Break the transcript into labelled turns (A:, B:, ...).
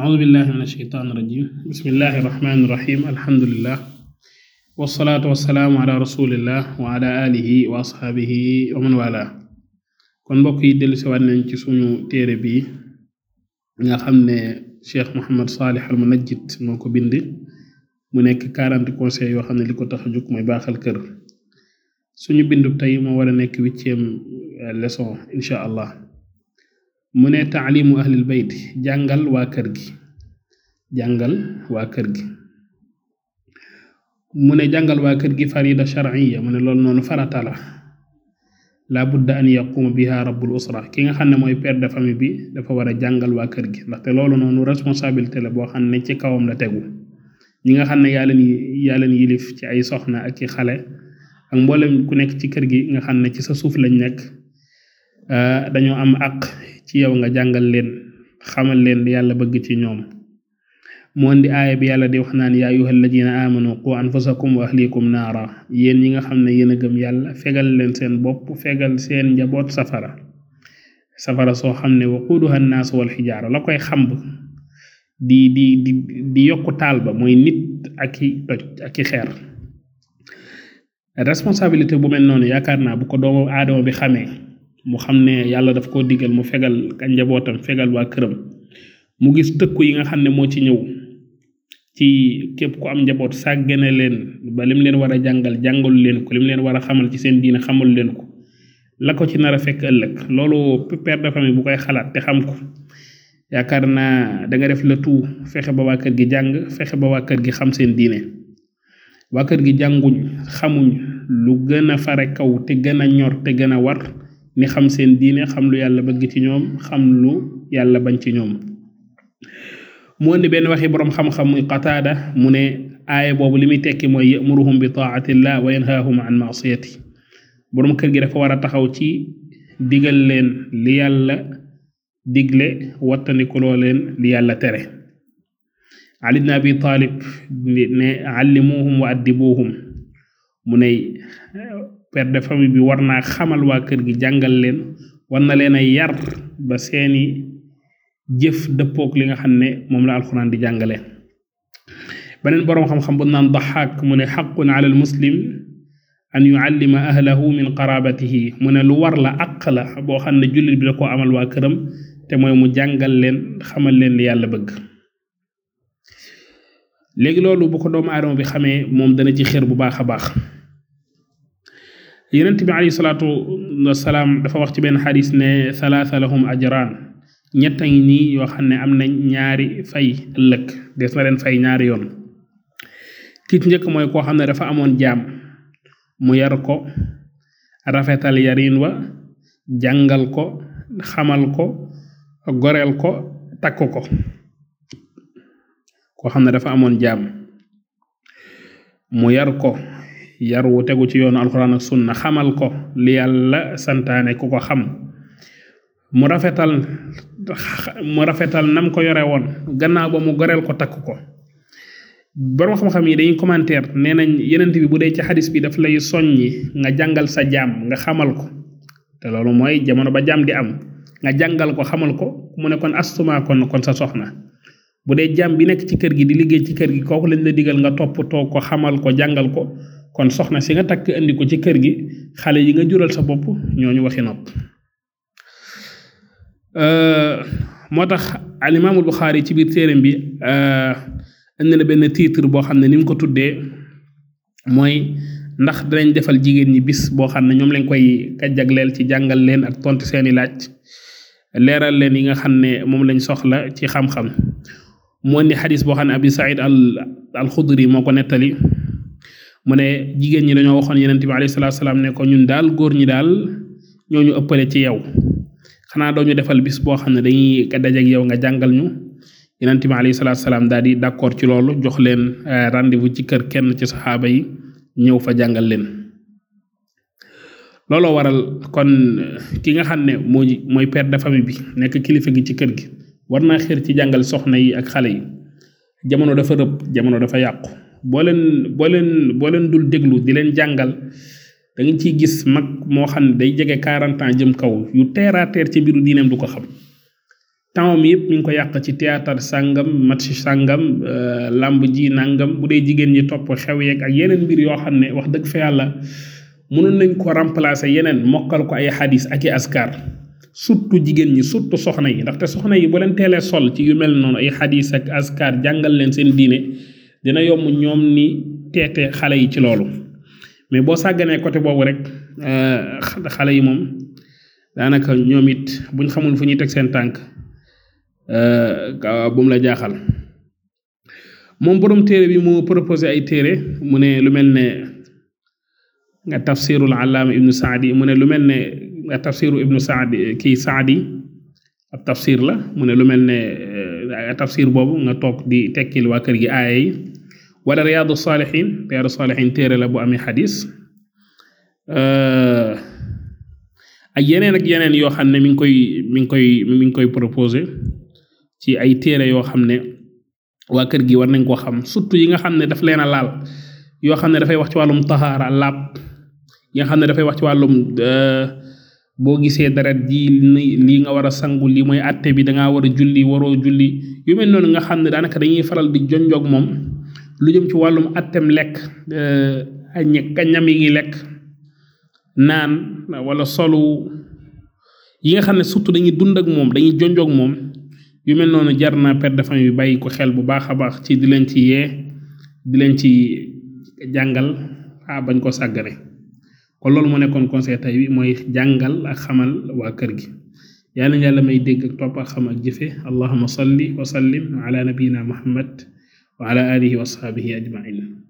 A: a'uuzu billahi mina shaytaani rajiim bismillahi rahmaani rahiim alhamdulillah wassalaatu wassalaamu ala rasulillah wa ala alihi wa asxaabihi wa man wala kon mbokk yi dellu siwaat nañ ci suñu téere bi nga xam ne cheikh Muhammad Salih moo ko bind mu nekk 40 conseils yoo xam ne li ko tax a jóg mooy baaxal kër suñu bindu tey moo war a nekk huitième leçon incha allah mu ne taalimu ahlil bayt jàngal waa kër gi jàngal waa kër gi mu ne jàngal waa kër gi farida shar'iyya mu ne loolu noonu farata la laa budda an yaquma biha rabbul usra ki nga xam ne mooy père de famille bi dafa war a jàngal waa kër gi ndaxte loolu noonu responsabilité la boo xam ne ci kawam la tegu ñi nga xam ne yaa leen yaa leen yilif ci ay soxna ak i xale ak mboolem ku nekk ci kër gi nga xam ne ci sa suuf lañ nekk Eh, dañoo am ak ci yow nga jàngal leen xamal leen yàlla bëgg ci ñoom moo indi aaya bi yàlla di wax naan yaa ayyuhal sa amanu qu anfusakum wa ahlikum naara yéen yi nga xam ne yéen a gëm yàlla fegal leen seen bopp fegal seen njaboot safara safara soo xam ne waquduha an-naas wal xijaara la koy xamb di di di di taal ba mooy nit ak toj ak i xeer responsabilité bu mel noonu yaakaar naa bu ko doomu aadama bi xamee mu xam ne yàlla daf koo diggal mu fegal ak njabootam fegal waa këram mu gis tëkku yi nga xam ne moo ci ñëw ci képp ku am njaboot sàggane leen ba lim leen war a jàngal jàngalu leen ko lim leen war a xamal ci seen diine xamal leen ko la ko ci nar a fekk ëllëg loolu père de famille bu koy xalaat te xam ko yaakaar naa danga def le tout fexe ba waa kër gi jàng fexe ba waa kër gi xam seen diine waa kër gi jànguñ xamuñ lu gën a fare kaw te gën a ñor te gën a war mi xam seen diine xam lu yàlla bëgg ci ñoom xam lu yàlla bañ ci ñoom mu indi benn waxi boroom xam-xam muy qataada mu ne aaya boobu li muy tekki mooy yamuruhum bi taatillah wa yanhaahum an maasiyati boroom kër gi dafa war a taxaw ci digal leen li yàlla digle wattandikuloo leen li yàlla tere ali ibn abi taalib ne allimuhum wa addibuhum mu ne père de famille bi war naa xamal waa kër gi jàngal leen war na leen a yar ba seeni jëf dëppook li nga xam ne moom la alxuraan di jàngale beneen boroom xam-xam bu naan daxaak mu ne xaqun ala al muslim an yuallima ahlahu min qarabatihi mu ne lu war la àq la boo xam ne jullit bi da ko amal waa këram te mooy mu jàngal leen xamal leen li yàlla bëgg léegi loolu bu ko doomu aadama bi xamee moom dana ci xër bu baax a baax yonent bi alayhi salaatu wasalaam dafa wax ci benn xadis ne salaasa lahum ajraan ñett a ngi nii yoo xam ne am nañ ñaari fay lëkk des na leen fay ñaari yoon ki njëkk mooy koo xam ne dafa amoon jaam mu yar ko rafetal yarin wa jàngal ko xamal ko goreel ko takk ko koo xam ne dafa amoon jaam mu yar ko yar wu tegu ci yoonu alxuraan ak sunna xamal ko li la santaane ku ko xam mu rafetal mu rafetal nam ko yore woon gannaaw ba mu goreel ko takk ko borom xam-xam yi dañuy commentaire nee nañ yenent bi bu dee ci xadis bi daf lay soññi nga jàngal sa jaam nga xamal ko te loolu mooy jamono ba jaam di am nga jàngal ko xamal ko mu ne kon astuma kon kon sa soxna bu dee jaam bi nekk ci kër gi di liggéey ci kër gi kooku lañ la digal nga toppatoo ko xamal ko jàngal ko kon soxna si nga takk indi ko ci kër gi xale yi nga jural sa bopp ñooñu waxi nopp euh, moo tax al imaamul Buxaari ci biir téeram bi euh, indi na benn titre boo xam ne ni mu ko tuddee mooy ndax dinañ defal jigéen ñi bis boo xam ne ñoom lañ koy jagleel ci jàngal leen ak tontu seeni laaj leeral leen yi nga xam ne moom lañ soxla ci xam-xam moo indi xadis boo xam ne Abi Saïd al al Xudri moo ko nettali mu ne jigéen ñi dañoo waxoon yonent bi alayhi salaatu salaam ne ko ñun daal góor ñi daal ñoo ñu ëppale ci yow xanaa doo ñu defal bis boo xam ne dañuy dajeeg yow nga jàngal ñu yonent bi alayhi salaam daal di d'accord ci loolu jox leen euh, rendez-vous ci kër kenn ci saxaaba yi ñëw fa jàngal leen. looloo waral kon euh, ki nga xam ne moo mooy per de famille bi nekk kilifa gi ci kër gi war naa xër ci jàngal soxna yi ak xale yi jamono dafa rëbb jamono dafa yàqu. boo leen boo leen boo leen dul déglu di leen jàngal da ci gis mag moo xam ne day jege 40 ans jëm kaw yu terre ci mbiru diineem du ko xam temps yëpp ñu ngi ko yàq ci théâtre sàngam match sàngam euh, làmb ji nàngam bu dee jigéen ñi topp xew yeeg ak yeneen mbir yoo xam ne wax dëgg fa yàlla mënoon nañ ko remplacer yeneen mokkal ko ay xadis ak i askar surtout jigéen ñi surtout soxna yi ndaxte soxna yi bu leen teelee sol ci yu mel noonu ay xadis ak askar jàngal leen seen diine dina yomb ñoom ni teete xale yi ci loolu mais boo sàgganee côté boobu rek euh, xale yi moom daanaka ñoom it buñ xamul fu ñuy teg seen tànk euh, bu mu la jaaxal moom borom téere bi mu proposé ay téere mu ne lu mel ne nga tafsirul allaama ibnu saadi mu ne lu mel ne nga tafsiru ibnu saadi kii saadi ab tafsir la mu ne lu mel ne euh, tafsir boobu nga toog di tekkil waa kër gi aaya yi wala Riyadu Salihin Riyadu Salihin téere la bu amee xadis yeneen ak yeneen yoo xam ne mi ngi koy mi ngi koy mi ngi koy proposé ci ay téere yoo xam ne waa kër gi war nañ koo xam surtout yi nga xam ne daf leen a laal yoo xam ne dafay wax ci wàllum taxaara laab yi nga xam ne dafay wax ci wàllum boo gisee deret ji lii nga war a sangu lii mooy àtte bi dangaa war a julli waroo julli yu mel noonu nga xam ne daanaka dañuy faral di jonjoog moom lu jëm ci wàllum attem lekk eh, ay ñam yi ngi lekk naan walla solu yi nga xam ne surtout dañuy dund ak moom dañuy jonjoog moom yu mel noonu jar naa père de famille bi bàyyi ko xel bu baax a baax ci di leen ci yee di leen ci jàngal ah bañ ko sàggane kon loolu moo nekkoon conseil tey bi mooy jàngal ak xamal waa kër gi yàlla na yàlla may dégg ak topp ak xam ak jëfe allahuma salli wa sallim ala nabiyina muhammad wa ala alihi wa asxaabihi ajmain